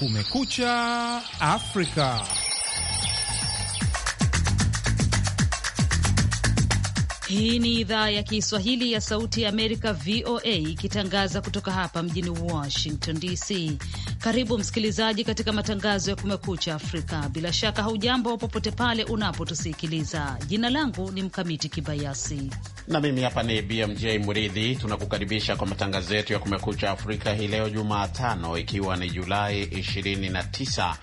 Kumekucha Afrika. Hii ni idhaa ya Kiswahili ya Sauti ya Amerika, VOA, ikitangaza kutoka hapa mjini Washington DC. Karibu msikilizaji katika matangazo ya Kumekucha Afrika. Bila shaka haujambo popote pale unapotusikiliza. Jina langu ni Mkamiti Kibayasi na mimi hapa ni BMJ Muridhi. Tunakukaribisha kwa matangazo yetu ya Kumekucha Afrika hii leo Jumatano, ikiwa ni Julai 29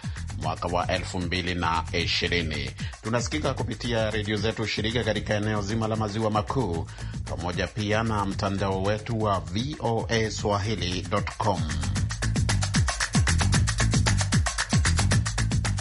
mwaka wa 2020. Tunasikika kupitia redio zetu shirika katika eneo zima la maziwa makuu, pamoja pia na mtandao wetu wa VOA swahili.com.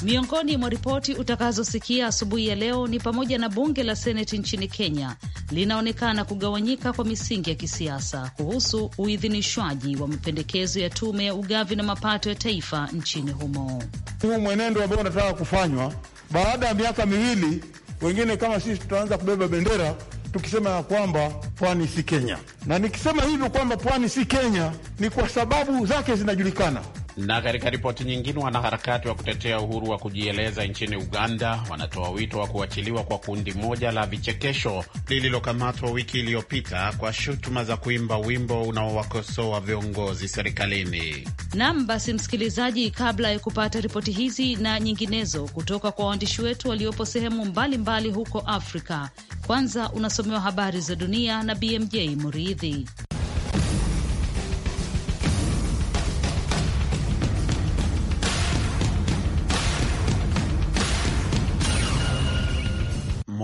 Miongoni mwa ripoti utakazosikia asubuhi ya leo ni pamoja na bunge la seneti nchini Kenya linaonekana kugawanyika kwa misingi ya kisiasa kuhusu uidhinishwaji wa mapendekezo ya tume ya ugavi na mapato ya taifa nchini humo. Huu mwenendo ambao unataka kufanywa baada ya miaka miwili, wengine kama sisi tutaanza kubeba bendera tukisema ya kwamba pwani si Kenya, na nikisema hivyo kwamba pwani si Kenya ni kwa sababu zake zinajulikana na katika ripoti nyingine, wanaharakati wa kutetea uhuru wa kujieleza nchini Uganda wanatoa wito wa kuachiliwa kwa kundi moja la vichekesho lililokamatwa wiki iliyopita kwa shutuma za kuimba wimbo unaowakosoa viongozi serikalini. Nam basi, msikilizaji, kabla ya kupata ripoti hizi na nyinginezo kutoka kwa waandishi wetu waliopo sehemu mbalimbali mbali huko Afrika, kwanza unasomewa habari za dunia na BMJ Muridhi.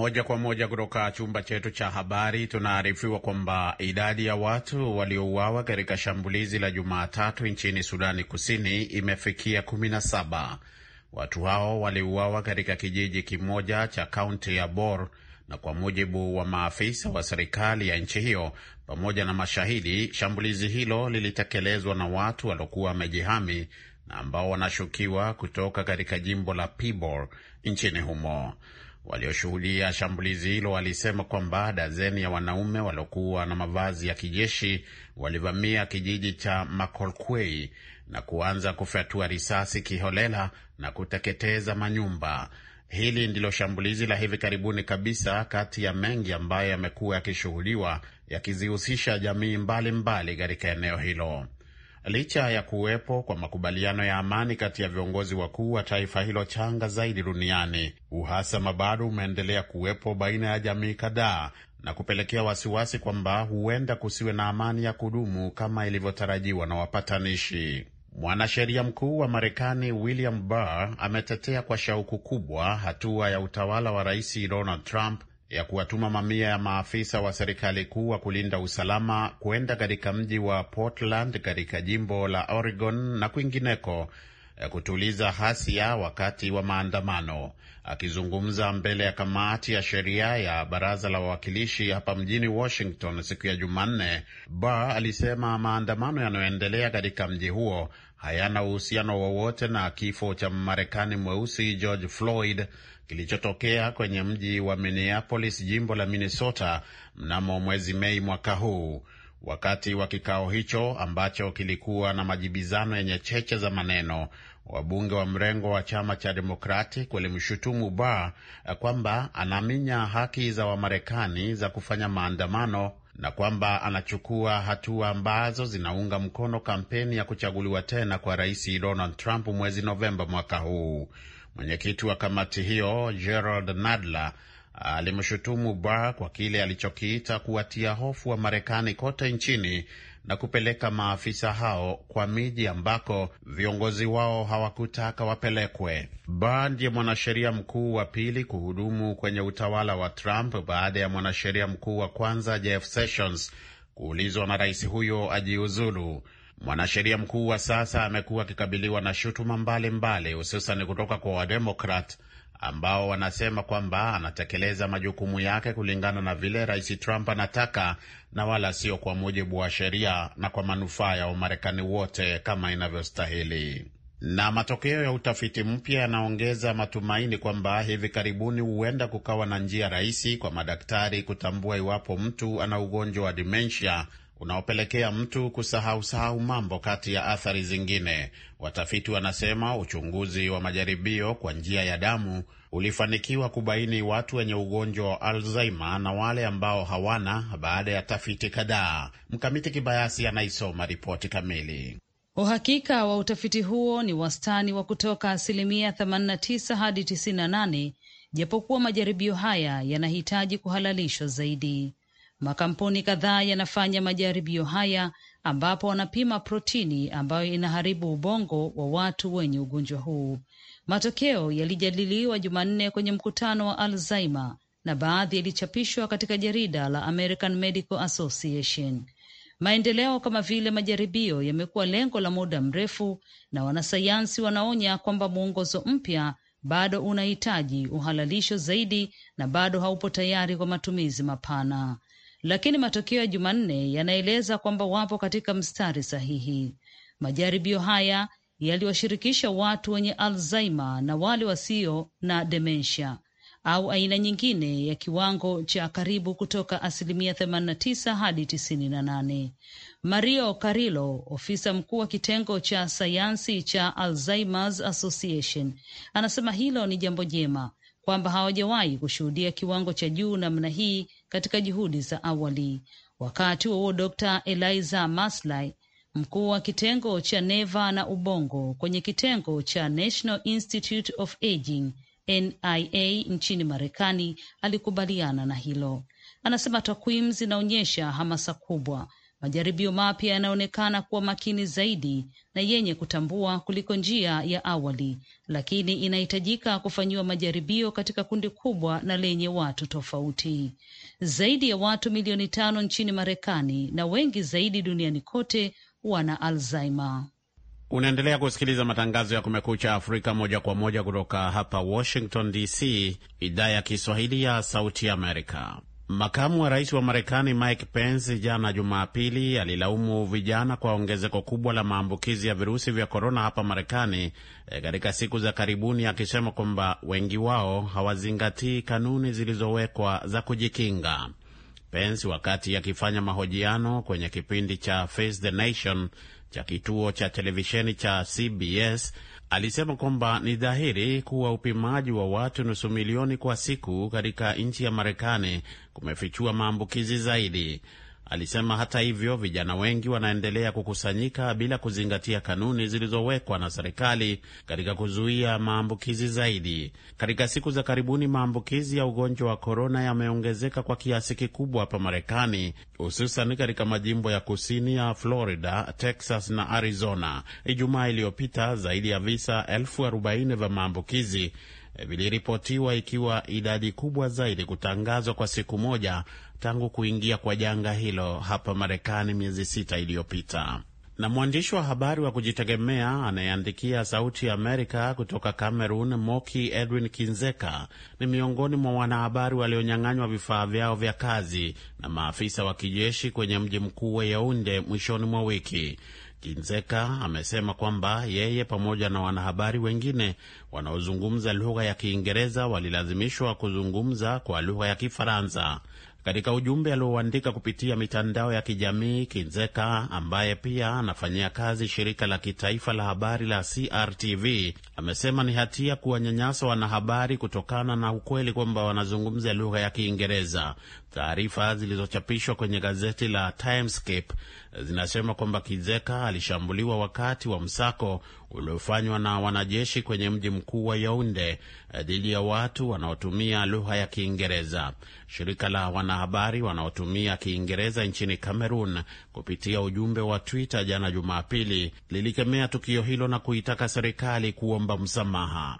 Moja kwa moja kutoka chumba chetu cha habari tunaarifiwa kwamba idadi ya watu waliouawa katika shambulizi la Jumatatu nchini Sudani Kusini imefikia kumi Watu hao waliuawa katika kijiji kimoja cha kaunti ya Bor na kwa mujibu wa maafisa wa serikali ya nchi hiyo pamoja na mashahidi, shambulizi hilo lilitekelezwa na watu waliokuwa wamejihami na ambao wanashukiwa kutoka katika jimbo la Pibor nchini humo. Walioshuhudia shambulizi hilo walisema kwamba dazeni ya wanaume waliokuwa na mavazi ya kijeshi walivamia kijiji cha Makolkwei na kuanza kufyatua risasi kiholela na kuteketeza manyumba. Hili ndilo shambulizi la hivi karibuni kabisa kati ya mengi ambayo yamekuwa yakishuhudiwa yakizihusisha jamii mbalimbali katika eneo hilo licha ya kuwepo kwa makubaliano ya amani kati ya viongozi wakuu wa taifa hilo changa zaidi duniani, uhasama bado umeendelea kuwepo baina ya jamii kadhaa na kupelekea wasiwasi kwamba huenda kusiwe na amani ya kudumu kama ilivyotarajiwa na wapatanishi. Mwanasheria mkuu wa Marekani William Barr ametetea kwa shauku kubwa hatua ya utawala wa Rais Donald Trump ya kuwatuma mamia ya maafisa wa serikali kuu wa kulinda usalama kwenda katika mji wa Portland katika jimbo la Oregon na kwingineko ya eh, kutuliza hasia wakati wa maandamano. Akizungumza mbele ya kamati ya sheria ya baraza la wawakilishi hapa mjini Washington siku ya Jumanne, Barr alisema maandamano yanayoendelea katika mji huo hayana uhusiano wowote na kifo cha Mmarekani mweusi George Floyd kilichotokea kwenye mji wa Minneapolis, jimbo la Minnesota mnamo mwezi Mei mwaka huu. Wakati wa kikao hicho ambacho kilikuwa na majibizano yenye cheche za maneno, wabunge wa mrengo wa chama cha demokrati walimshutumu Barr kwamba anaminya haki za Wamarekani za kufanya maandamano na kwamba anachukua hatua ambazo zinaunga mkono kampeni ya kuchaguliwa tena kwa Rais Donald Trump mwezi Novemba mwaka huu. Mwenyekiti wa kamati hiyo Gerald Nadler alimshutumu Barr kwa kile alichokiita kuwatia hofu wa Marekani kote nchini na kupeleka maafisa hao kwa miji ambako viongozi wao hawakutaka wapelekwe. Barr ndiye mwanasheria mkuu wa pili kuhudumu kwenye utawala wa Trump baada ya mwanasheria mkuu wa kwanza Jeff Sessions kuulizwa na rais huyo ajiuzulu. Mwanasheria mkuu wa sasa amekuwa akikabiliwa na shutuma mbalimbali, hususan kutoka kwa Wademokrat ambao wanasema kwamba anatekeleza majukumu yake kulingana na vile Rais Trump anataka na wala sio kwa mujibu wa sheria na kwa manufaa ya Wamarekani wote kama inavyostahili. Na matokeo ya utafiti mpya yanaongeza matumaini kwamba hivi karibuni huenda kukawa na njia rahisi kwa madaktari kutambua iwapo mtu ana ugonjwa wa dementia unaopelekea mtu kusahausahau mambo kati ya athari zingine. Watafiti wanasema uchunguzi wa majaribio kwa njia ya damu ulifanikiwa kubaini watu wenye ugonjwa wa Alzheimer na wale ambao hawana baada ya tafiti kadhaa. Mkamiti Kibayasi anaisoma ripoti kamili. Uhakika wa utafiti huo ni wastani wa kutoka asilimia 89 hadi 98, japokuwa majaribio haya yanahitaji kuhalalishwa zaidi. Makampuni kadhaa yanafanya majaribio haya ambapo wanapima protini ambayo inaharibu ubongo wa watu wenye ugonjwa huu. Matokeo yalijadiliwa Jumanne kwenye mkutano wa Alzheimer na baadhi yalichapishwa katika jarida la American Medical Association. Maendeleo kama vile majaribio yamekuwa lengo la muda mrefu, na wanasayansi wanaonya kwamba mwongozo mpya bado unahitaji uhalalisho zaidi na bado haupo tayari kwa matumizi mapana lakini matokeo ya Jumanne yanaeleza kwamba wapo katika mstari sahihi. Majaribio haya yaliwashirikisha watu wenye Alzheimer na wale wasio na dementia au aina nyingine ya kiwango cha karibu kutoka asilimia 89 hadi 98. Mario Carillo, ofisa mkuu wa kitengo cha sayansi cha Alzheimer's Association, anasema hilo ni jambo jema kwamba hawajawahi kushuhudia kiwango cha juu namna hii katika juhudi za awali. Wakati huo Dr Eliza maslay mkuu wa kitengo cha neva na ubongo kwenye kitengo cha National Institute of Aging NIA nchini Marekani, alikubaliana na hilo. Anasema takwimu zinaonyesha hamasa kubwa Majaribio mapya yanaonekana kuwa makini zaidi na yenye kutambua kuliko njia ya awali, lakini inahitajika kufanyiwa majaribio katika kundi kubwa na lenye watu tofauti. Zaidi ya watu milioni tano nchini Marekani na wengi zaidi duniani kote wana Alzheimer. Unaendelea kusikiliza matangazo ya Kumekucha Afrika moja kwa moja kutoka hapa Washington DC, idhaa ya Kiswahili ya Sauti Amerika. Makamu wa rais wa Marekani Mike Pence jana Jumapili alilaumu vijana kwa ongezeko kubwa la maambukizi ya virusi vya korona hapa Marekani eh, katika siku za karibuni, akisema kwamba wengi wao hawazingatii kanuni zilizowekwa za kujikinga. Pence wakati akifanya mahojiano kwenye kipindi cha Face the Nation cha kituo cha televisheni cha CBS alisema kwamba ni dhahiri kuwa upimaji wa watu nusu milioni kwa siku katika nchi ya Marekani kumefichua maambukizi zaidi. Alisema hata hivyo, vijana wengi wanaendelea kukusanyika bila kuzingatia kanuni zilizowekwa na serikali katika kuzuia maambukizi zaidi. Katika siku za karibuni, maambukizi ya ugonjwa wa korona yameongezeka kwa kiasi kikubwa hapa Marekani, hususan katika majimbo ya kusini ya Florida, Texas na Arizona. Ijumaa iliyopita zaidi ya visa elfu arobaini vya maambukizi viliripotiwa ikiwa idadi kubwa zaidi kutangazwa kwa siku moja tangu kuingia kwa janga hilo hapa Marekani miezi sita iliyopita. Na mwandishi wa habari wa kujitegemea anayeandikia Sauti ya Amerika kutoka Cameroon, Moki Edwin Kinzeka ni miongoni mwa wanahabari walionyang'anywa vifaa vyao vya kazi na maafisa wa kijeshi kwenye mji mkuu wa Yaunde mwishoni mwa wiki. Kinzeka amesema kwamba yeye pamoja na wanahabari wengine wanaozungumza lugha ya Kiingereza walilazimishwa kuzungumza kwa lugha ya Kifaransa. Katika ujumbe aliouandika kupitia mitandao ya kijamii, Kinzeka ambaye pia anafanyia kazi shirika la kitaifa la habari la CRTV amesema ni hatia kuwanyanyasa wanahabari kutokana na ukweli kwamba wanazungumza lugha ya Kiingereza. Taarifa zilizochapishwa kwenye gazeti la Timescape zinasema kwamba Kizeka alishambuliwa wakati wa msako uliofanywa na wanajeshi kwenye mji mkuu wa Yaunde eh, dhidi ya watu wanaotumia lugha ya Kiingereza. Shirika la wanahabari wanaotumia Kiingereza nchini Cameroon kupitia ujumbe wa Twitter jana Jumapili lilikemea tukio hilo na kuitaka serikali kuomba msamaha.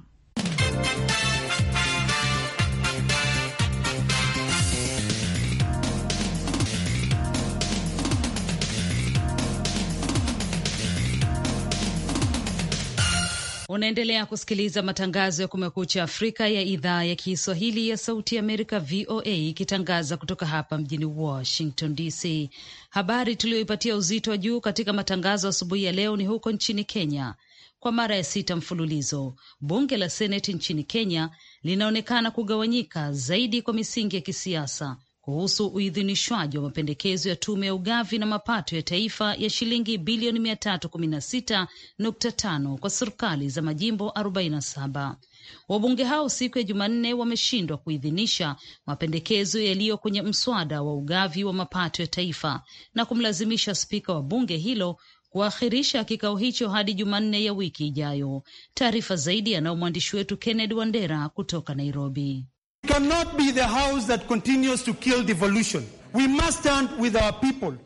Unaendelea kusikiliza matangazo ya Kumekucha Afrika ya idhaa ya Kiswahili ya Sauti Amerika, VOA, ikitangaza kutoka hapa mjini Washington DC. Habari tuliyoipatia uzito wa juu katika matangazo asubuhi ya leo ni huko nchini Kenya. Kwa mara ya sita mfululizo, bunge la Seneti nchini Kenya linaonekana kugawanyika zaidi kwa misingi ya kisiasa kuhusu uidhinishwaji wa mapendekezo ya tume ya ugavi na mapato ya taifa ya shilingi bilioni 316.5 kwa serikali za majimbo 47. Wabunge hao siku ya Jumanne wameshindwa kuidhinisha mapendekezo yaliyo kwenye mswada wa ugavi wa mapato ya taifa na kumlazimisha spika wa bunge hilo kuahirisha kikao hicho hadi Jumanne ya wiki ijayo. Taarifa zaidi anayo mwandishi wetu Kennedy Wandera kutoka Nairobi. cannot be the house that continues to kill devolution. We must stand with our people.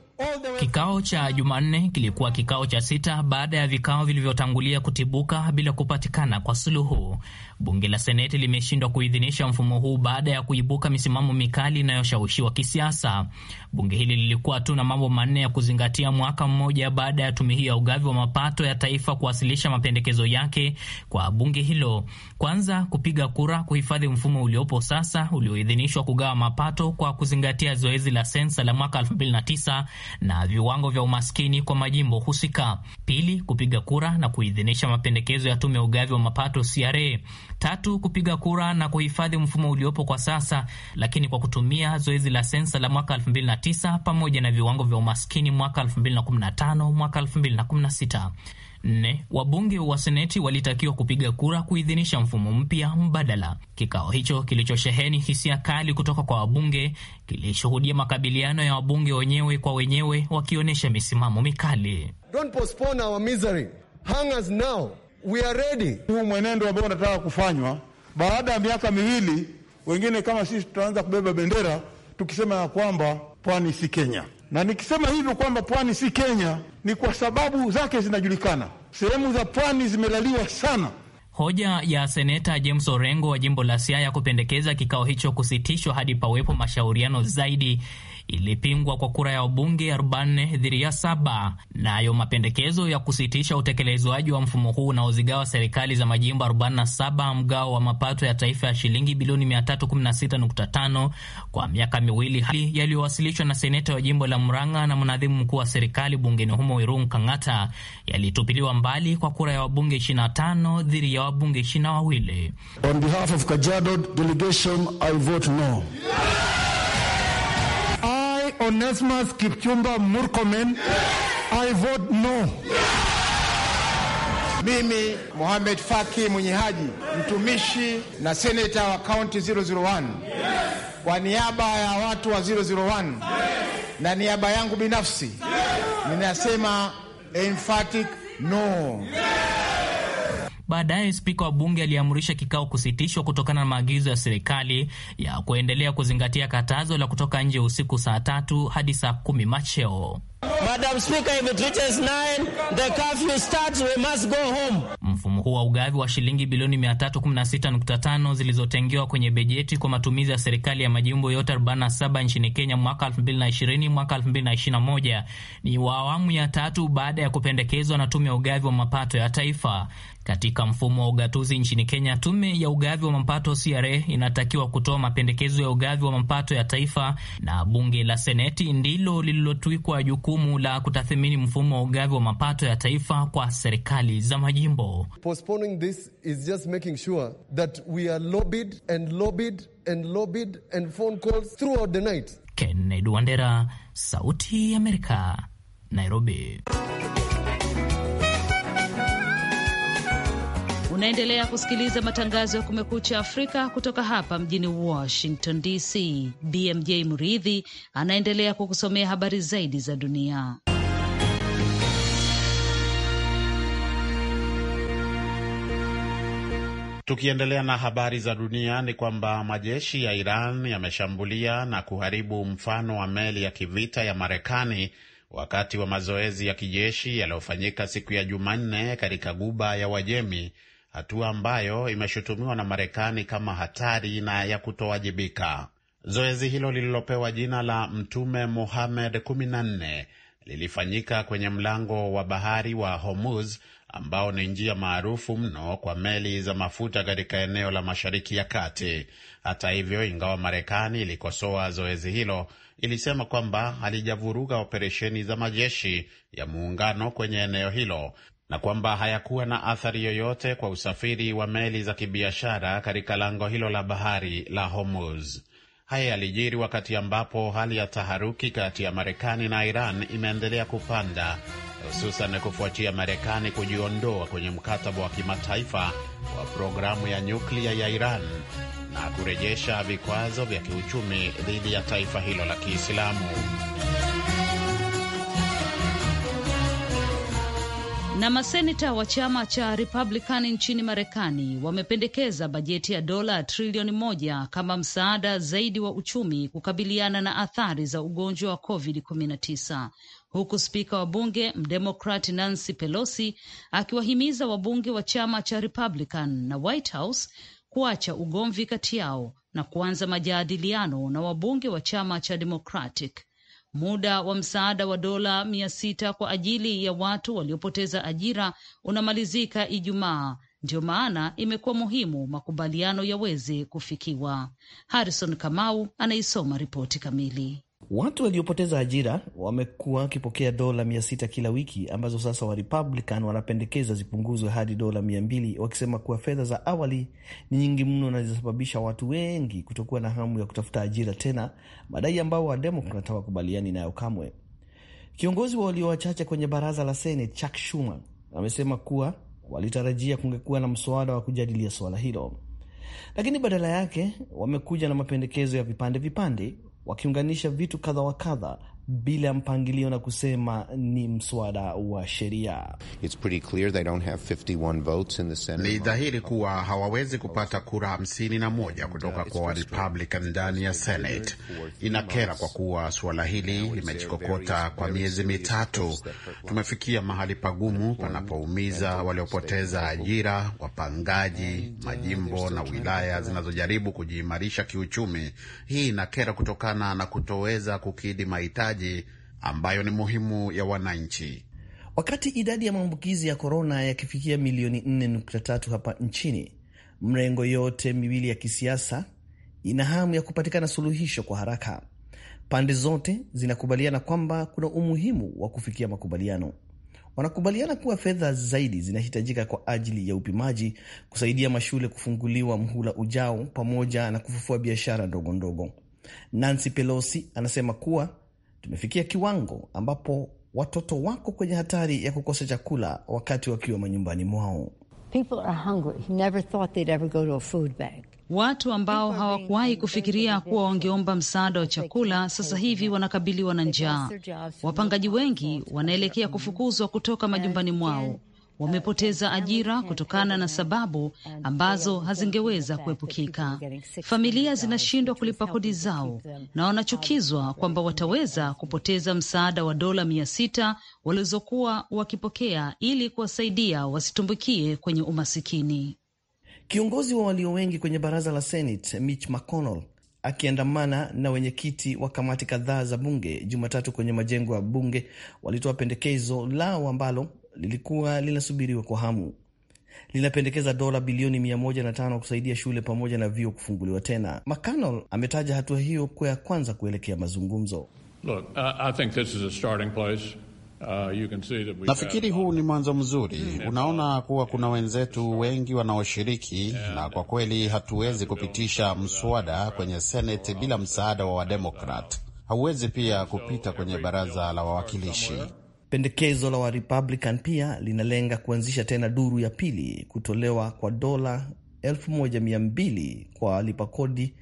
Kikao cha Jumanne kilikuwa kikao cha sita baada ya vikao vilivyotangulia kutibuka bila kupatikana kwa suluhu. Bunge la Seneti limeshindwa kuidhinisha mfumo huu baada ya kuibuka misimamo mikali inayoshawishiwa kisiasa. Bunge hili lilikuwa tu na mambo manne ya kuzingatia mwaka mmoja baada ya tume hiyo ya ugavi wa mapato ya taifa kuwasilisha mapendekezo yake kwa bunge hilo: kwanza, kupiga kura kuhifadhi mfumo uliopo sasa ulioidhinishwa kugawa mapato kwa kuzingatia zoezi la sensa la mwaka 2009 na viwango vya umaskini kwa majimbo husika. Pili, kupiga kura na kuidhinisha mapendekezo ya tume ya ugavi wa mapato CRA. Tatu, kupiga kura na kuhifadhi mfumo uliopo kwa sasa, lakini kwa kutumia zoezi la sensa la mwaka 2009 pamoja na viwango vya umaskini mwaka 2015, mwaka 2016 nne wabunge wa seneti walitakiwa kupiga kura kuidhinisha mfumo mpya mbadala. Kikao hicho kilichosheheni hisia kali kutoka kwa wabunge kilishuhudia makabiliano ya wabunge wenyewe kwa wenyewe, wakionyesha misimamo mikali. Don't postpone our misery. Hang us now. We are ready. Huu mwenendo ambao unataka kufanywa baada ya miaka miwili, wengine kama sisi tutaanza kubeba bendera tukisema ya kwamba pwani si Kenya. Na nikisema hivyo kwamba pwani si Kenya ni kwa sababu zake zinajulikana. Sehemu za pwani zimelaliwa sana. Hoja ya seneta James Orengo wa jimbo la Siaya kupendekeza kikao hicho kusitishwa hadi pawepo mashauriano zaidi ilipingwa kwa kura ya wabunge 44 dhidi ya saba. Nayo mapendekezo ya kusitisha utekelezwaji wa mfumo huu unaozigawa serikali za majimbo 47 mgao wa mapato ya taifa ya shilingi bilioni 316.5 kwa miaka miwili, hali yaliyowasilishwa na seneta wa jimbo la Murang'a na mnadhimu mkuu wa serikali bungeni humo Irungu Kang'ata yalitupiliwa mbali kwa kura ya wabunge 25 dhidi ya wabunge 22. On behalf of Kajiado delegation, I vote no. Yeah! Onesmus Kipchumba Murkomen. I vote no. Mimi Mohamed Faki mwenye haji mtumishi na seneta wa kaunti 001 kwa niaba ya watu wa 001 na niaba yangu binafsi ninasema emphatic no. Baadaye spika wa bunge aliamrisha kikao kusitishwa kutokana na maagizo ya serikali ya kuendelea kuzingatia katazo la kutoka nje usiku saa tatu hadi saa kumi macheo mfumo huo wa ugavi wa shilingi bilioni 316.5 zilizotengewa kwenye bajeti kwa matumizi ya serikali ya majimbo yote 47 nchini Kenya mwaka 2020 mwaka 2021 ni wa awamu ya tatu baada ya kupendekezwa na tume ya ugavi wa mapato ya taifa. Katika mfumo wa ugatuzi nchini Kenya, tume ya ugavi wa mapato CRA inatakiwa kutoa mapendekezo ya ugavi wa mapato ya taifa, na bunge la seneti ndilo lililotwikwa jukumu la kutathimini mfumo wa ugavi wa mapato ya taifa kwa serikali za majimbo. Postponing this is just making sure that we are lobbied and lobbied and lobbied and phone calls throughout the night. Kennedy Wandera, Sauti ya Amerika, Nairobi. Unaendelea kusikiliza matangazo ya Kumekucha Afrika kutoka hapa mjini Washington DC. BMJ Muridhi anaendelea kukusomea habari zaidi za dunia. Tukiendelea na habari za dunia ni kwamba majeshi ya Iran yameshambulia na kuharibu mfano wa meli ya kivita ya Marekani wakati wa mazoezi ya kijeshi yaliyofanyika siku ya Jumanne katika Guba ya Wajemi, hatua ambayo imeshutumiwa na Marekani kama hatari na ya kutowajibika. Zoezi hilo lililopewa jina la Mtume Mohamed 14 lilifanyika kwenye mlango wa bahari wa Hormuz ambao ni njia maarufu mno kwa meli za mafuta katika eneo la Mashariki ya Kati. Hata hivyo, ingawa Marekani ilikosoa zoezi hilo, ilisema kwamba halijavuruga operesheni za majeshi ya muungano kwenye eneo hilo na kwamba hayakuwa na athari yoyote kwa usafiri wa meli za kibiashara katika lango hilo la bahari la Hormuz. Haya yalijiri wakati ambapo hali ya taharuki kati ya Marekani na Iran imeendelea kupanda hususan kufuatia Marekani kujiondoa kwenye mkataba wa kimataifa wa programu ya nyuklia ya Iran na kurejesha vikwazo vya kiuchumi dhidi ya taifa hilo la Kiislamu. Na maseneta wa chama cha Republican nchini Marekani wamependekeza bajeti ya dola trilioni moja kama msaada zaidi wa uchumi kukabiliana na athari za ugonjwa wa COVID-19 huku spika wa bunge mdemokrat Nancy Pelosi akiwahimiza wabunge wa chama cha Republican na White House kuacha ugomvi kati yao na kuanza majadiliano na wabunge wa chama cha Democratic. Muda wa msaada wa dola mia sita kwa ajili ya watu waliopoteza ajira unamalizika Ijumaa. Ndiyo maana imekuwa muhimu makubaliano yaweze kufikiwa. Harrison Kamau anaisoma ripoti kamili. Watu waliopoteza ajira wamekuwa wakipokea dola sita kila wiki ambazo sasa Warepublican wanapendekeza zipunguzwe hadi dola mbili wakisema kuwa fedha za awali ni nyingi mno na zinasababisha watu wengi kutokuwa na hamu ya kutafuta ajira tena, madai ambao Wademokrat hawakubaliani nayo kamwe. Kiongozi wa walio wachache kwenye baraza la Senate Chuck Schumer amesema kuwa walitarajia kungekuwa na mswada wa kujadilia suala hilo, lakini badala yake wamekuja na mapendekezo ya vipande vipande, wakiunganisha vitu kadha wa kadha bila mpangilio na kusema ni mswada wa sheria. Ni dhahiri kuwa hawawezi kupata kura hamsini na moja kutoka kwa Warepublican ndani ya Senate. Inakera kwa kuwa suala hili limejikokota kwa miezi mitatu. Tumefikia mahali pagumu panapoumiza waliopoteza ajira, wapangaji, majimbo na wilaya zinazojaribu kujiimarisha kiuchumi. Hii inakera kutokana na kutoweza kukidhi mahitaji usambazaji ambayo ni muhimu ya wananchi. Wakati idadi ya maambukizi ya korona yakifikia milioni 4.3 hapa nchini, mrengo yote miwili ya kisiasa ina hamu ya kupatikana suluhisho kwa haraka. Pande zote zinakubaliana kwamba kuna umuhimu wa kufikia makubaliano. Wanakubaliana kuwa fedha zaidi zinahitajika kwa ajili ya upimaji, kusaidia mashule kufunguliwa mhula ujao, pamoja na kufufua biashara ndogo ndogo. Nancy Pelosi anasema kuwa tumefikia kiwango ambapo watoto wako kwenye hatari ya kukosa chakula wakati wakiwa manyumbani mwao. Watu ambao hawakuwahi kufikiria kuwa wangeomba msaada wa chakula sasa hivi wanakabiliwa na njaa. Wapangaji wengi wanaelekea kufukuzwa kutoka majumbani mwao wamepoteza ajira kutokana na sababu ambazo hazingeweza kuepukika. Familia zinashindwa kulipa kodi zao na wanachukizwa kwamba wataweza kupoteza msaada wa dola mia sita walizokuwa wakipokea ili kuwasaidia wasitumbukie kwenye umasikini. Kiongozi wa walio wengi kwenye baraza la Senate Mitch McConnell akiandamana na wenyekiti wa kamati kadhaa za bunge Jumatatu kwenye majengo ya bunge walitoa pendekezo lao ambalo lilikuwa linasubiriwa kwa hamu. Linapendekeza dola bilioni 105 kusaidia shule pamoja na vyuo kufunguliwa tena. McConnell ametaja hatua hiyo kuwa ya kwanza kuelekea mazungumzo. Look, I think this is a starting place. Uh, nafikiri huu ni mwanzo mzuri. Mm. Unaona kuwa kuna wenzetu wengi wanaoshiriki, na kwa kweli hatuwezi kupitisha mswada kwenye Seneti bila msaada wa Wademokrat. Hauwezi pia kupita kwenye baraza la wawakilishi. Pendekezo la Warepublican pia linalenga kuanzisha tena duru ya pili kutolewa kwa dola 1200 kwa walipa kodi,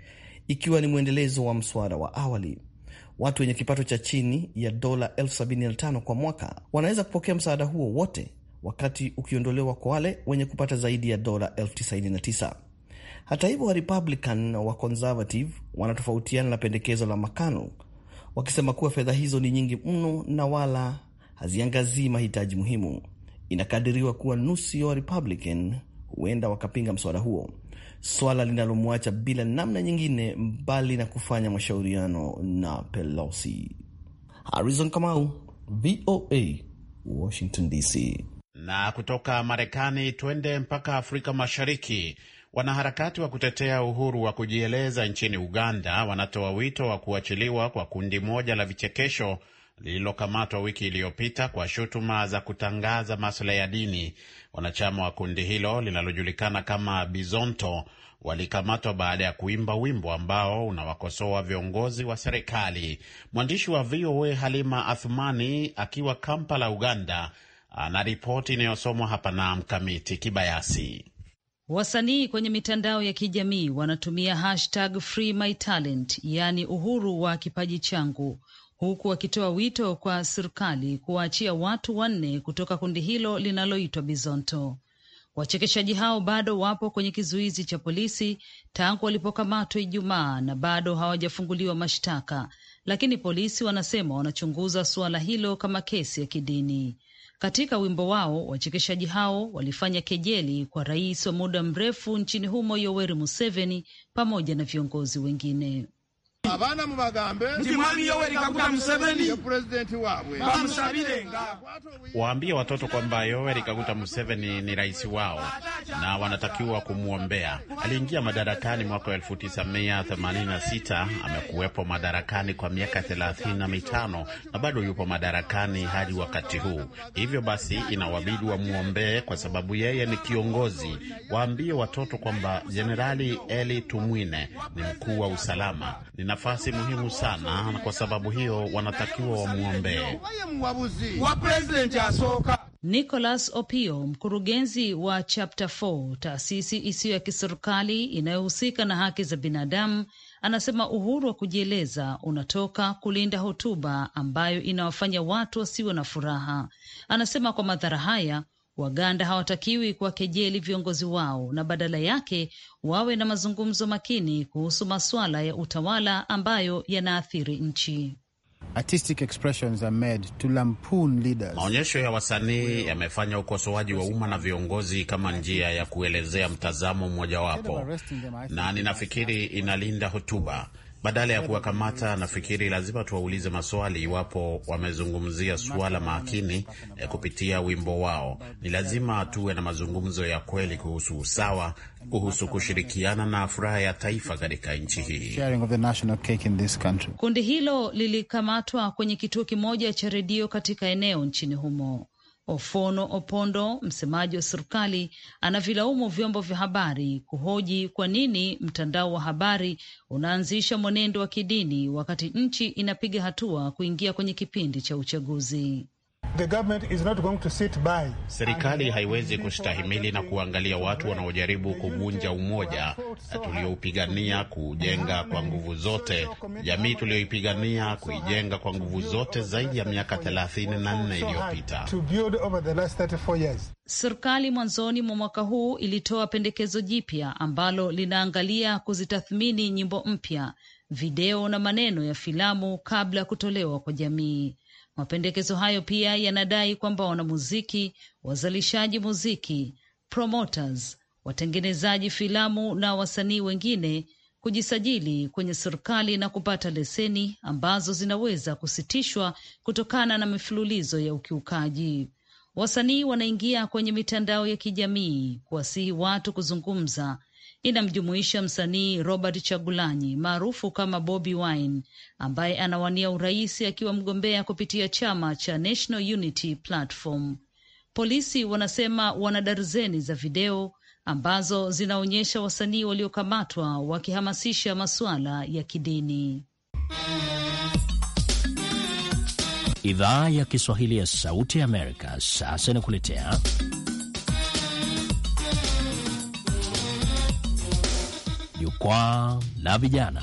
ikiwa ni mwendelezo wa mswada wa awali. Watu wenye kipato cha chini ya dola 75 kwa mwaka wanaweza kupokea msaada huo wote, wakati ukiondolewa kwa wale wenye kupata zaidi ya dola 99. Hata hivyo, Warepublican na Waconservative wanatofautiana na pendekezo la Makano, wakisema kuwa fedha hizo ni nyingi mno na wala haziangazii mahitaji muhimu. Inakadiriwa kuwa nusu ya Republican huenda wakapinga mswada huo, swala linalomwacha bila namna nyingine mbali na kufanya mashauriano na Pelosi. Harrison Kamau, VOA, Washington DC. Na kutoka Marekani twende mpaka Afrika Mashariki. Wanaharakati wa kutetea uhuru wa kujieleza nchini Uganda wanatoa wito wa kuachiliwa kwa kundi moja la vichekesho lililokamatwa wiki iliyopita kwa shutuma za kutangaza maswala ya dini. Wanachama wa kundi hilo linalojulikana kama Bizonto walikamatwa baada ya kuimba wimbo ambao unawakosoa viongozi wa serikali. Mwandishi wa VOA Halima Athmani akiwa Kampala, Uganda, ana ripoti inayosomwa hapa na Mkamiti Kibayasi. Wasanii kwenye mitandao ya kijamii wanatumia hashtag free my talent, yaani uhuru wa kipaji changu huku wakitoa wito kwa serikali kuwaachia watu wanne kutoka kundi hilo linaloitwa Bizonto. Wachekeshaji hao bado wapo kwenye kizuizi cha polisi tangu walipokamatwa Ijumaa na bado hawajafunguliwa mashtaka, lakini polisi wanasema wanachunguza suala hilo kama kesi ya kidini. Katika wimbo wao wachekeshaji hao walifanya kejeli kwa rais wa muda mrefu nchini humo Yoweri Museveni pamoja na viongozi wengine abana mubagambe nti mwami Yoweri Kaguta Museveni pulezidenti wabwe nga Waambie watoto kwamba Yoweri Kaguta Museveni ni rais wao na wanatakiwa kumwombea. Aliingia madarakani mwaka 1986 amekuwepo madarakani kwa miaka 35 na bado yupo madarakani hadi wakati huu. Hivyo basi, inawabidi wamwombee kwa sababu yeye ni kiongozi. Waambie watoto kwamba Jenerali Eli Tumwine ni mkuu wa usalama Nina nafasi muhimu sana, na kwa sababu hiyo wanatakiwa wamwombee. Nicholas Opio, mkurugenzi wa Chapter 4, taasisi isiyo ya kiserikali inayohusika na haki za binadamu, anasema uhuru wa kujieleza unatoka kulinda hotuba ambayo inawafanya watu wasiwe na furaha. Anasema kwa madhara haya Waganda hawatakiwi kuwakejeli viongozi wao na badala yake wawe na mazungumzo makini kuhusu masuala ya utawala ambayo yanaathiri nchi. Maonyesho ya wasanii yamefanya ukosoaji wa umma na viongozi kama njia ya kuelezea mtazamo mmojawapo, na ninafikiri inalinda hotuba badala ya kuwakamata, nafikiri lazima tuwaulize maswali iwapo wamezungumzia suala makini eh, kupitia wimbo wao. Ni lazima tuwe na mazungumzo ya kweli kuhusu usawa, kuhusu kushirikiana na furaha ya taifa katika nchi hii. Kundi hilo lilikamatwa kwenye kituo kimoja cha redio katika eneo nchini humo. Ofono Opondo, msemaji wa serikali, anavilaumu vyombo vya habari kuhoji kwa nini mtandao wa habari unaanzisha mwenendo wa kidini wakati nchi inapiga hatua kuingia kwenye kipindi cha uchaguzi. The government is not going to sit by. Serikali haiwezi kustahimili na kuangalia watu wanaojaribu kuvunja umoja tulioupigania kuujenga kwa nguvu zote, jamii tulioipigania kuijenga kwa nguvu zote zaidi ya miaka 34 iliyopita. Serikali mwanzoni mwa mwaka huu ilitoa pendekezo jipya ambalo linaangalia kuzitathmini nyimbo mpya, video na maneno ya filamu kabla ya kutolewa kwa jamii. Mapendekezo hayo pia yanadai kwamba wanamuziki, wazalishaji muziki, promoters, watengenezaji filamu na wasanii wengine kujisajili kwenye serikali na kupata leseni ambazo zinaweza kusitishwa kutokana na mifululizo ya ukiukaji. Wasanii wanaingia kwenye mitandao ya kijamii kuwasihi watu kuzungumza inamjumuisha msanii Robert Chagulanyi maarufu kama Bobi Wine ambaye anawania urais akiwa mgombea kupitia chama cha National Unity Platform. Polisi wanasema wana darzeni za video ambazo zinaonyesha wasanii waliokamatwa wakihamasisha masuala ya kidini. Idhaa ya Kiswahili ya Sauti ya Amerika sasa inakuletea jukwaa la vijana.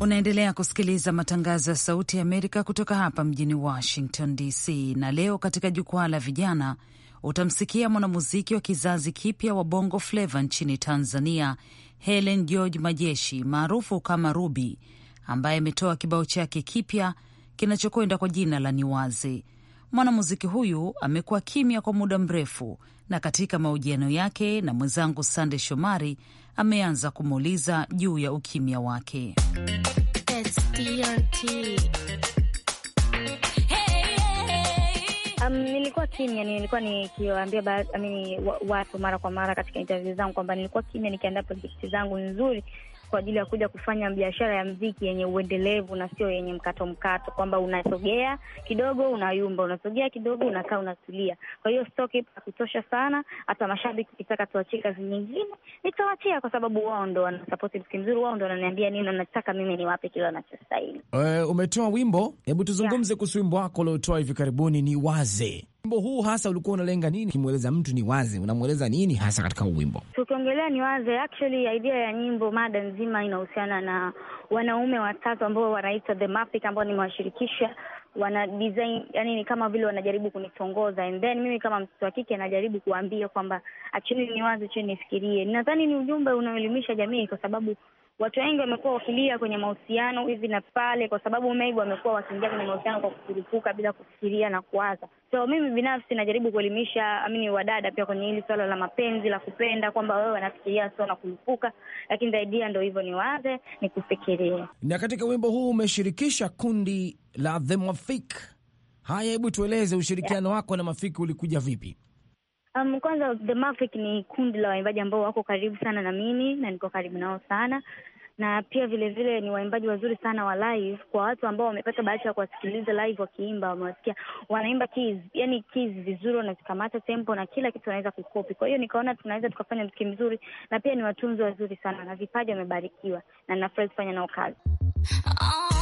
Unaendelea kusikiliza matangazo ya Sauti ya Amerika kutoka hapa mjini Washington DC, na leo katika jukwaa la vijana utamsikia mwanamuziki wa kizazi kipya wa Bongo fleva nchini Tanzania, Helen George Majeshi maarufu kama Ruby, ambaye ametoa kibao chake kipya kinachokwenda kwa jina la Niwaze. Mwanamuziki huyu amekuwa kimya kwa muda mrefu, na katika mahojiano yake na mwenzangu Sande Shomari ameanza kumuuliza juu ya ukimya wake. Um, nilikuwa kimya, nilikuwa nikiwaambia watu mara kwa mara katika interview zangu kwamba nilikuwa kimya nikiandaa projekti zangu nzuri, kwa ajili ya kuja kufanya biashara ya mziki yenye uendelevu na sio yenye mkato mkato, kwamba unasogea kidogo unayumba, unasogea kidogo unakaa unatulia. Kwa hiyo stock ipo ya kutosha sana, hata mashabiki ukitaka tuachie kazi nyingine nitawachia, kwa sababu wao ndo wanasapoti mziki mzuri, wao ndo wananiambia nini nataka mimi niwape kile wanachostahili. Uh, umetoa wimbo, hebu tuzungumze kuhusu wimbo wako uliotoa hivi karibuni, ni waze Wimbo huu hasa ulikuwa unalenga nini? Ukimweleza mtu ni waze, unamweleza nini hasa katika huu wimbo? Tukiongelea ni waze, actually idea ya nyimbo, mada nzima inahusiana na wanaume watatu ambao wanaitwa the Mafic, ambao nimewashirikisha wana design yani, ni kama vile wanajaribu kunitongoza, and then mimi kama mtoto wa kike najaribu kuambia kwamba acheni wazi acheni nifikirie. Nadhani ni ujumbe unaoelimisha jamii, kwa sababu watu wengi wamekuwa wakilia kwenye mahusiano hivi na pale, kwa sababu maybe wamekuwa wakiingia kwenye mahusiano kwa kukurupuka bila kufikiria na kuwaza. So mimi binafsi najaribu kuelimisha amini wadada pia kwenye hili swala la mapenzi la kupenda, kwamba wewe wanafikiria sio na kulipuka, lakini zaidia ndo hivyo, ni waze ni kufikiria. Na katika wimbo huu umeshirikisha kundi la The Mafik. Haya, hebu tueleze ushirikiano yeah, wako na Mafik ulikuja vipi? Um, kwanza The Mafik ni kundi la waimbaji ambao wako karibu sana na mimi na niko karibu nao sana na pia vilevile vile ni waimbaji wazuri sana wa live. Kwa watu ambao wamepata bahati ya kuwasikiliza live wakiimba, wamewasikia wanaimba keys, yani keys vizuri, wanazikamata tempo na kila kitu wanaweza kukopi. Kwa hiyo nikaona tunaweza tukafanya mziki mzuri, na pia ni watunzi wazuri sana na vipaji wamebarikiwa, na nafurahi kufanya nao kazi. Ah,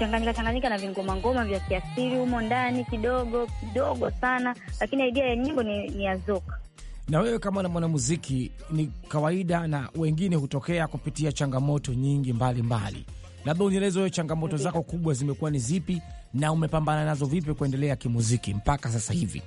kuchanganyika changanyika na vingoma ngoma vya kiasili humo ndani kidogo kidogo sana, lakini idea ya nyimbo ni, ni ya zouk. Na wewe kama na mwanamuziki, ni kawaida na wengine hutokea kupitia changamoto nyingi mbalimbali, labda unieleze wewe changamoto Mbika. zako kubwa zimekuwa ni zipi na umepambana nazo vipi kuendelea kimuziki mpaka sasa hivi?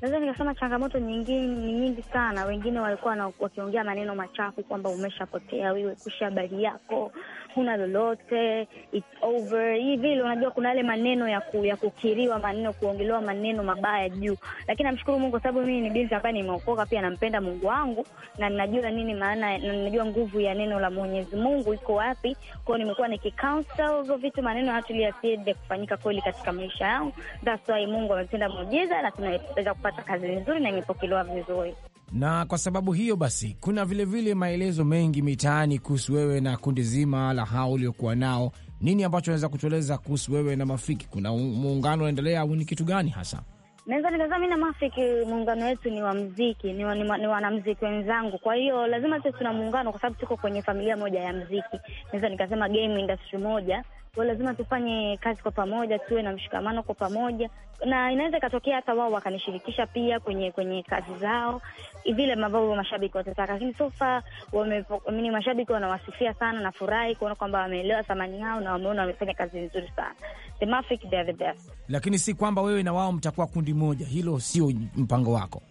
Naweza nikasema changamoto nyingine ni nyingi sana. Wengine walikuwa wakiongea maneno machafu kwamba umeshapotea wewe, kushi habari yako hakuna lolote, it's over hii vile. Unajua kuna yale maneno ya, ku, ya kukiriwa maneno kuongelewa maneno mabaya juu, lakini namshukuru Mungu kwa sababu mimi ni binti ambaye nimeokoka pia, nampenda Mungu wangu na ninajua nini maana na ninajua nguvu ya neno la Mwenyezi Mungu iko wapi. Kwa hiyo nimekuwa nikikansel hizo vitu, maneno hatuli yasiende kufanyika kweli katika maisha yangu. That's why Mungu ametenda muujiza na tunaweza kupata kazi nzuri na imepokelewa vizuri na kwa sababu hiyo basi, kuna vilevile vile maelezo mengi mitaani kuhusu wewe na kundi zima la hao uliokuwa nao. Nini ambacho naweza kutueleza kuhusu wewe na Mafiki? Kuna muungano unaendelea au ni kitu gani hasa? Naweza nikazaa mi na Mafiki, muungano wetu ni wa mziki, ni, wa, ni, ni wanamziki wenzangu. Kwa hiyo lazima sisi tuna muungano, kwa sababu tuko kwenye familia moja ya mziki. Naweza nikasema game industry moja, kwa lazima tufanye kazi kwa pamoja, tuwe na mshikamano kwa pamoja, na inaweza ikatokea hata wao wakanishirikisha pia kwenye kwenye kazi zao vile ambavyo mashabiki watataka, lakini sofa wamemini, mashabiki wanawasifia sana na furahi kuona kwamba wameelewa thamani yao na wameona wamefanya kazi nzuri sana. The Mafic, they are the best. Lakini si kwamba wewe na wao mtakuwa kundi moja, hilo sio mpango wako?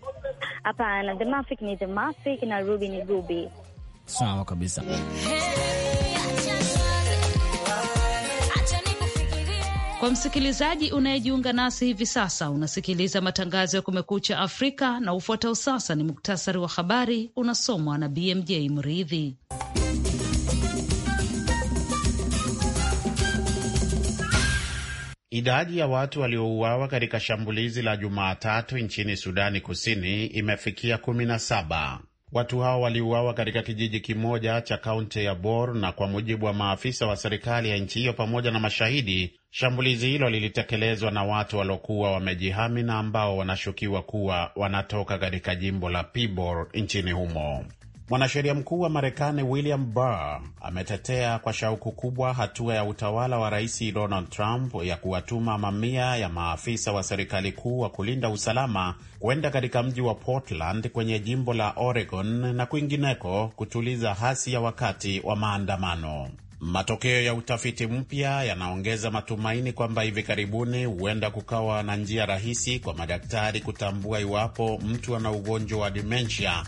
Hapana, The Mafic ni The Mafic na Ruby ni Ruby. Sawa kabisa. Kwa msikilizaji unayejiunga nasi hivi sasa, unasikiliza matangazo ya Kumekucha Afrika na ufuatao sasa ni muktasari wa habari unasomwa na BMJ Mridhi. Idadi ya watu waliouawa katika shambulizi la Jumatatu nchini Sudani Kusini imefikia kumi na saba. Watu hao waliuawa katika kijiji kimoja cha kaunti ya Bor, na kwa mujibu wa maafisa wa serikali ya nchi hiyo pamoja na mashahidi, shambulizi hilo lilitekelezwa na watu waliokuwa wamejihami na ambao wanashukiwa kuwa wanatoka katika jimbo la Pibor nchini humo. Mwanasheria mkuu wa Marekani William Barr ametetea kwa shauku kubwa hatua ya utawala wa Rais Donald Trump ya kuwatuma mamia ya maafisa wa serikali kuu wa kulinda usalama kwenda katika mji wa Portland kwenye jimbo la Oregon na kwingineko kutuliza hasi ya wakati wa maandamano. Matokeo ya utafiti mpya yanaongeza matumaini kwamba hivi karibuni huenda kukawa na njia rahisi kwa madaktari kutambua iwapo mtu ana ugonjwa wa dementia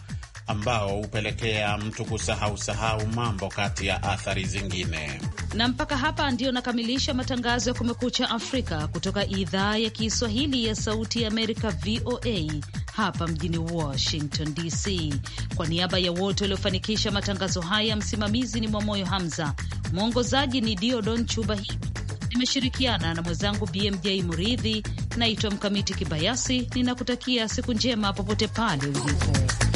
ambao hupelekea mtu kusahau sahau mambo kati ya athari zingine. Na mpaka hapa ndio nakamilisha matangazo ya Kumekucha Afrika kutoka idhaa ya Kiswahili ya Sauti ya Amerika, VOA hapa mjini Washington DC. Kwa niaba ya wote waliofanikisha matangazo haya, msimamizi ni Mwamoyo Hamza, mwongozaji ni Diodon Chuba Hii. Nimeshirikiana na mwenzangu BMJ Muridhi. Naitwa Mkamiti Kibayasi, ninakutakia siku njema popote pale ulipo.